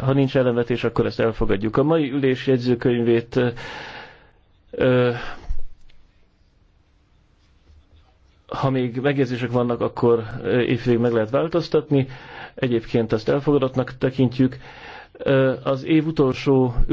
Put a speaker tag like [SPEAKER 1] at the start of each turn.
[SPEAKER 1] Ha nincs ellenvetés, akkor ezt elfogadjuk. A mai ülés jegyzőkönyvét ha még megjegyzések vannak, akkor évvégig meg lehet változtatni. Egyébként ezt elfogadottnak tekintjük. Az év utolsó